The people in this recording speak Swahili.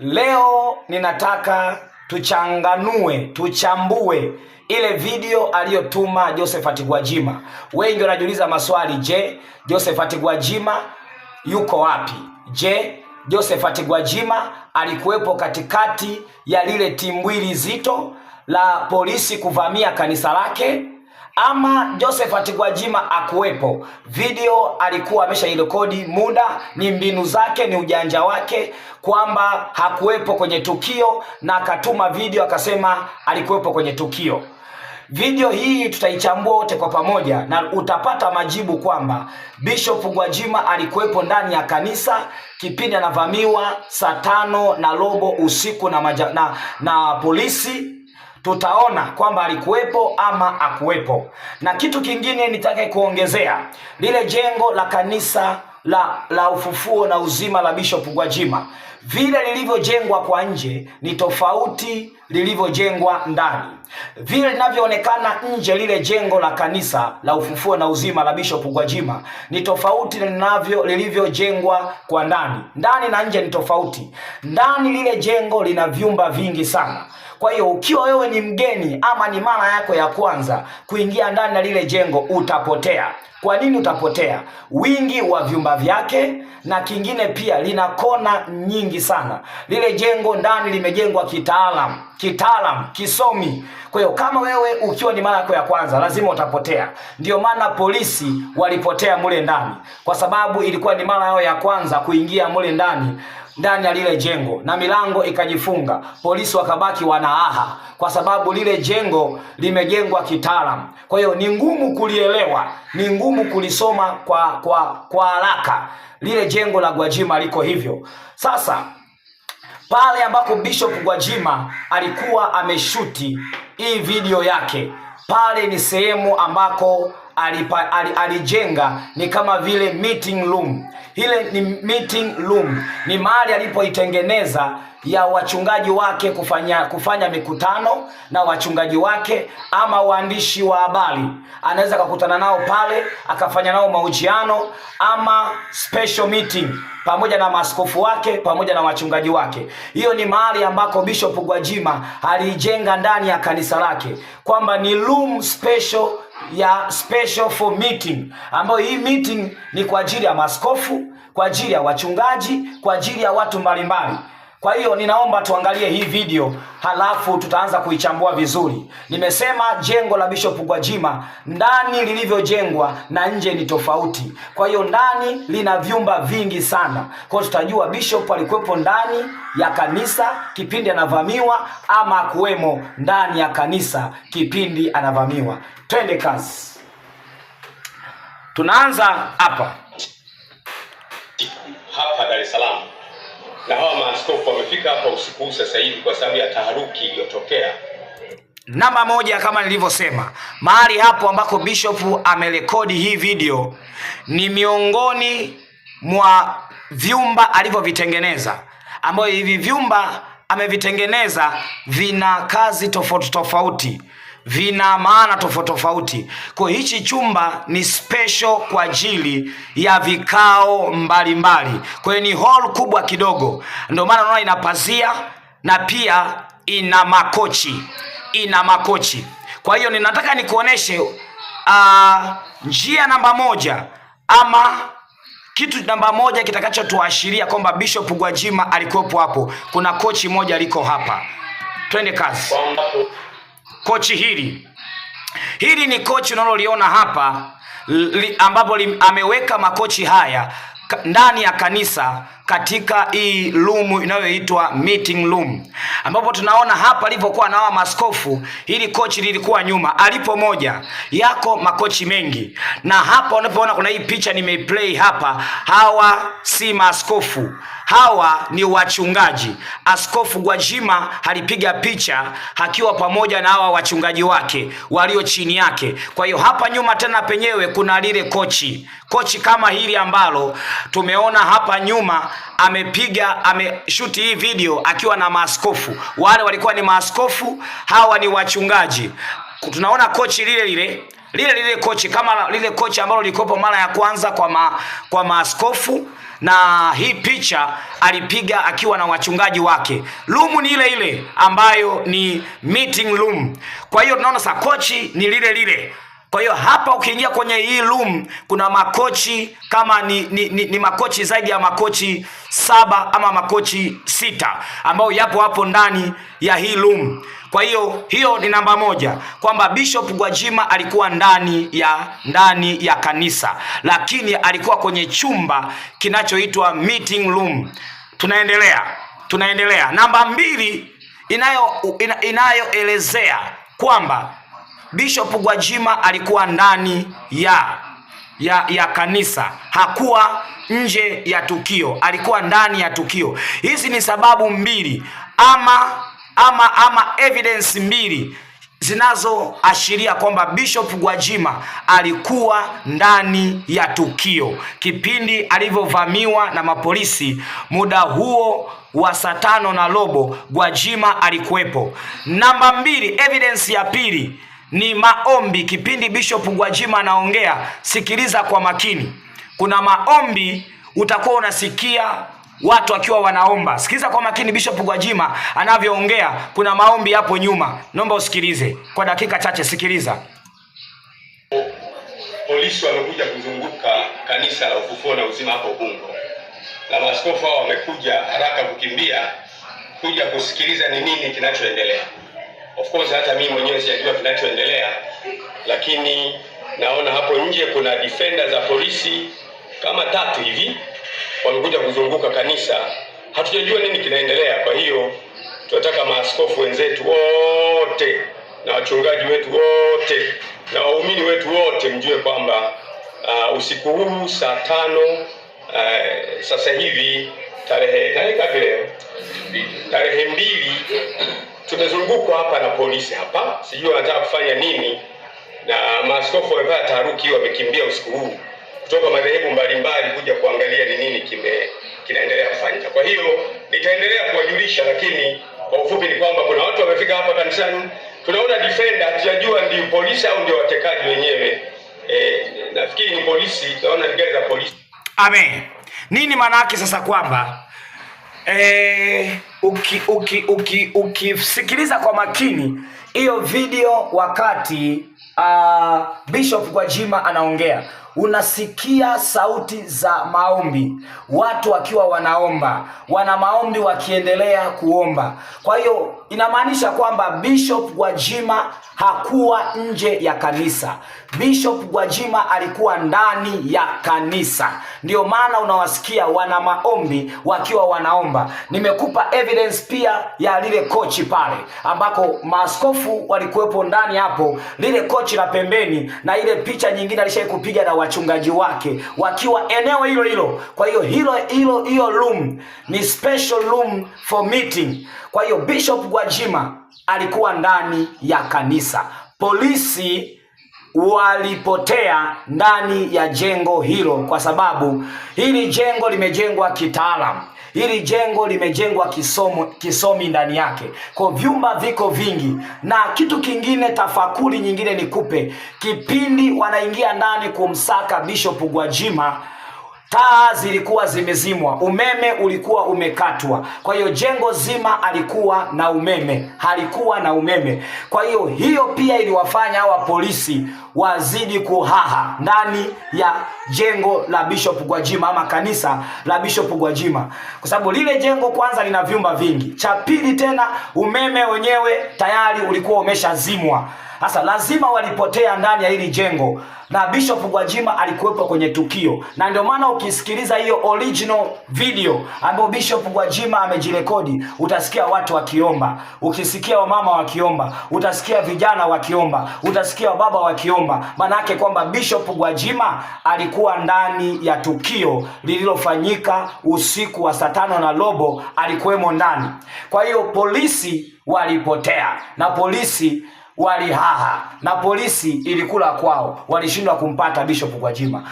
Leo ninataka tuchanganue, tuchambue ile video aliyotuma Josephat Gwajima. Wengi wanajiuliza maswali, je, Josephat Gwajima yuko wapi? Je, Josephat Gwajima alikuwepo katikati ya lile timbwili zito la polisi kuvamia kanisa lake? ama Josephat Gwajima akuwepo, video alikuwa ameshairekodi muda, ni mbinu zake, ni ujanja wake kwamba hakuwepo kwenye tukio, na akatuma video akasema alikuwepo kwenye tukio. Video hii tutaichambua wote kwa pamoja na utapata majibu kwamba Bishop Gwajima alikuwepo ndani ya kanisa kipindi anavamiwa saa tano na robo usiku na, na, na polisi tutaona kwamba alikuwepo ama akuwepo. Na kitu kingine nitake kuongezea lile jengo la kanisa la, la ufufuo na uzima la Bishop Gwajima vile lilivyojengwa kwa nje ni tofauti lilivyojengwa ndani. Vile linavyoonekana nje lile jengo la kanisa la ufufuo na uzima la Bishop Gwajima ni tofauti linavyo lilivyojengwa kwa ndani. Ndani na nje ni tofauti. Ndani lile jengo lina vyumba vingi sana. Kwa hiyo ukiwa wewe ni mgeni ama ni mara yako ya kwanza kuingia ndani na lile jengo utapotea. Kwa nini utapotea? Wingi wa vyumba vyake, na kingine pia lina kona nyingi mengi sana. Lile jengo ndani limejengwa kitaalam, kitaalam, kisomi. Kwa hiyo kama wewe ukiwa ni mara yako ya kwanza, lazima utapotea. Ndio maana polisi walipotea mule ndani, kwa sababu ilikuwa ni mara yao ya kwanza kuingia mule ndani ndani ya lile jengo na milango ikajifunga. Polisi wakabaki wanaaha, kwa sababu lile jengo limejengwa kitaalam. Kwa hiyo ni ngumu kulielewa, ni ngumu kulisoma kwa kwa kwa haraka. Lile jengo la Gwajima liko hivyo. Sasa pale ambapo Bishop Gwajima alikuwa ameshuti hii video yake, pale ni sehemu ambako alipa, al, alijenga ni kama vile meeting room. Ile ni meeting room, ni mahali alipoitengeneza ya wachungaji wake kufanya kufanya mikutano na wachungaji wake ama waandishi wa habari, anaweza akakutana nao pale akafanya nao mahojiano ama special meeting pamoja na maaskofu wake pamoja na wachungaji wake. Hiyo ni mahali ambako Bishop Gwajima aliijenga ndani ya kanisa lake kwamba ni room special ya special for meeting, ambayo hii meeting ni kwa ajili ya maskofu, kwa ajili ya wachungaji, kwa ajili ya watu mbalimbali. Kwa hiyo ninaomba tuangalie hii video halafu tutaanza kuichambua vizuri. Nimesema jengo la Bishop Gwajima ndani lilivyojengwa na nje ni tofauti. Kwa hiyo ndani lina vyumba vingi sana, kwa hiyo tutajua Bishop alikuwepo ndani ya kanisa kipindi anavamiwa ama kuwemo ndani ya kanisa kipindi anavamiwa. Twende kazi, tunaanza hapa hapa Dar es Salaam na hawa maaskofu wamefika hapa usiku sasa hivi kwa sababu ya taharuki iliyotokea namba moja, kama nilivyosema, mahali hapo ambako Bishop amerekodi hii video ni miongoni mwa vyumba alivyovitengeneza, ambayo hivi vyumba amevitengeneza vina kazi tofauti tofauti vina maana tofauti tofauti. Kwa hichi chumba ni special kwa ajili ya vikao mbalimbali, kwa hiyo ni hall kubwa kidogo, ndio maana unaona ina pazia na pia ina makochi, ina makochi. Kwa hiyo ninataka nikuoneshe uh, njia namba moja ama kitu namba moja kitakachotuashiria kwamba Bishop Gwajima alikuwepo hapo. Kuna kochi moja liko hapa, twende kazi kochi hili hili ni kochi unaloliona hapa ambapo ameweka makochi haya ndani ya kanisa katika hii room inayoitwa meeting room, ambapo tunaona hapa alivyokuwa na hawa maskofu. Hili kochi lilikuwa nyuma, alipo moja yako makochi mengi, na hapa unapoona kuna hii picha nimeplay hapa, hawa si maskofu hawa ni wachungaji. Askofu Gwajima alipiga picha akiwa pamoja na hawa wachungaji wake walio chini yake. Kwa hiyo hapa nyuma tena penyewe kuna lile kochi, kochi kama hili ambalo tumeona hapa nyuma amepiga ameshuti hii video akiwa na maaskofu. Wale walikuwa ni maaskofu, hawa ni wachungaji. Tunaona kochi lile lile lile lile kochi kama lile kochi ambalo lilikopo mara ya kwanza kwa ma, kwa maaskofu na hii picha alipiga akiwa na wachungaji wake. Room ni ile ile ambayo ni meeting room. Kwa hiyo tunaona saa kochi ni lile lile kwa hiyo hapa ukiingia kwenye hii room kuna makochi kama ni, ni, ni, ni makochi zaidi ya makochi saba ama makochi sita ambayo yapo hapo ndani ya hii room. Kwa hiyo hiyo ni namba moja, kwamba Bishop Gwajima alikuwa ndani ya ndani ya kanisa, lakini alikuwa kwenye chumba kinachoitwa meeting room. Tunaendelea, tunaendelea. Namba mbili inayo inayoelezea kwamba Bishop Gwajima alikuwa ndani ya ya ya kanisa, hakuwa nje ya tukio, alikuwa ndani ya tukio. Hizi ni sababu mbili ama ama ama evidence mbili zinazoashiria kwamba Bishop Gwajima alikuwa ndani ya tukio kipindi alivyovamiwa na mapolisi. Muda huo wa saa tano na robo Gwajima alikuwepo. Namba mbili, evidence ya pili ni maombi. Kipindi Bishop Gwajima anaongea, sikiliza kwa makini. Kuna maombi utakuwa unasikia watu wakiwa wanaomba. Sikiliza kwa makini Bishop Gwajima anavyoongea. Kuna maombi hapo nyuma, naomba usikilize kwa dakika chache. Sikiliza. Polisi wamekuja kuzunguka kanisa la Ufufuo na Uzima hapo Ubungo, na maaskofu hao wamekuja haraka kukimbia kuja kusikiliza ni nini kinachoendelea. Of course hata mimi mwenyewe sijajua kinachoendelea, lakini naona hapo nje kuna defender za polisi kama tatu hivi wamekuja kuzunguka kanisa. Hatujajua nini kinaendelea. Kwa hiyo tunataka maaskofu wenzetu wote na wachungaji wetu wote na waumini wetu wote mjue kwamba uh, usiku huu saa tano uh, sasa hivi tarehe tarehe ngapi leo? Tarehe mbili tumezungukwa hapa na polisi hapa, sijui wanataka kufanya nini, na maaskofu wamepata taharuki, wamekimbia usiku huu kutoka madhehebu mbalimbali kuja kuangalia ni nini kime kinaendelea kufanyika. Kwa hiyo nitaendelea kuwajulisha, lakini kwa ufupi ni kwamba kuna watu wamefika hapa kanisani, tunaona defender, hatujajua ndio polisi au ndio watekaji wenyewe. E, nafikiri ni polisi, tunaona ni gari za polisi. Amen. Nini maana yake sasa kwamba ukisikiliza eh, uki, uki, uki, kwa makini hiyo video wakati uh, Bishop Gwajima anaongea unasikia sauti za maombi, watu wakiwa wanaomba, wana maombi wakiendelea kuomba. Kwa hiyo inamaanisha kwamba Bishop Gwajima hakuwa nje ya kanisa. Bishop Gwajima alikuwa ndani ya kanisa, ndio maana unawasikia wana maombi wakiwa wanaomba. Nimekupa evidence pia ya lile kochi pale ambako maaskofu walikuwepo ndani hapo, lile kochi la pembeni na ile picha nyingine alishai kupiga na wachungaji wake wakiwa eneo hilo hilo. Kwa hiyo hilo hilo hiyo room ni special room for meeting. Kwa hiyo Bishop Gwajima alikuwa ndani ya kanisa, polisi walipotea ndani ya jengo hilo, kwa sababu hili jengo limejengwa kitaalamu. Hili jengo limejengwa kisomo, kisomi ndani yake, kwa vyumba viko vingi. Na kitu kingine, tafakuri nyingine nikupe, kipindi wanaingia ndani kumsaka Bishop Gwajima taa zilikuwa zimezimwa, umeme ulikuwa umekatwa. Kwa hiyo jengo zima alikuwa na umeme, halikuwa na umeme. Kwa hiyo hiyo pia iliwafanya hawa polisi wazidi kuhaha ndani ya jengo la Bishop Gwajima ama kanisa la Bishop Gwajima, kwa sababu lile jengo kwanza lina vyumba vingi, cha pili tena umeme wenyewe tayari ulikuwa umeshazimwa. Sasa lazima walipotea ndani ya hili jengo, na Bishop Gwajima alikuwepo kwenye tukio, na ndio maana ukisikiliza hiyo original video ambayo Bishop Gwajima amejirekodi, utasikia watu wakiomba, ukisikia wamama wakiomba, utasikia vijana wakiomba, utasikia wababa wakiomba. yake kwamba Bishop Gwajima alikuwa ndani ya tukio lililofanyika usiku wa saa tano na robo, alikuwemo ndani. Kwa hiyo polisi walipotea na polisi walihaha na polisi ilikula kwao, walishindwa kumpata Bishop Gwajima.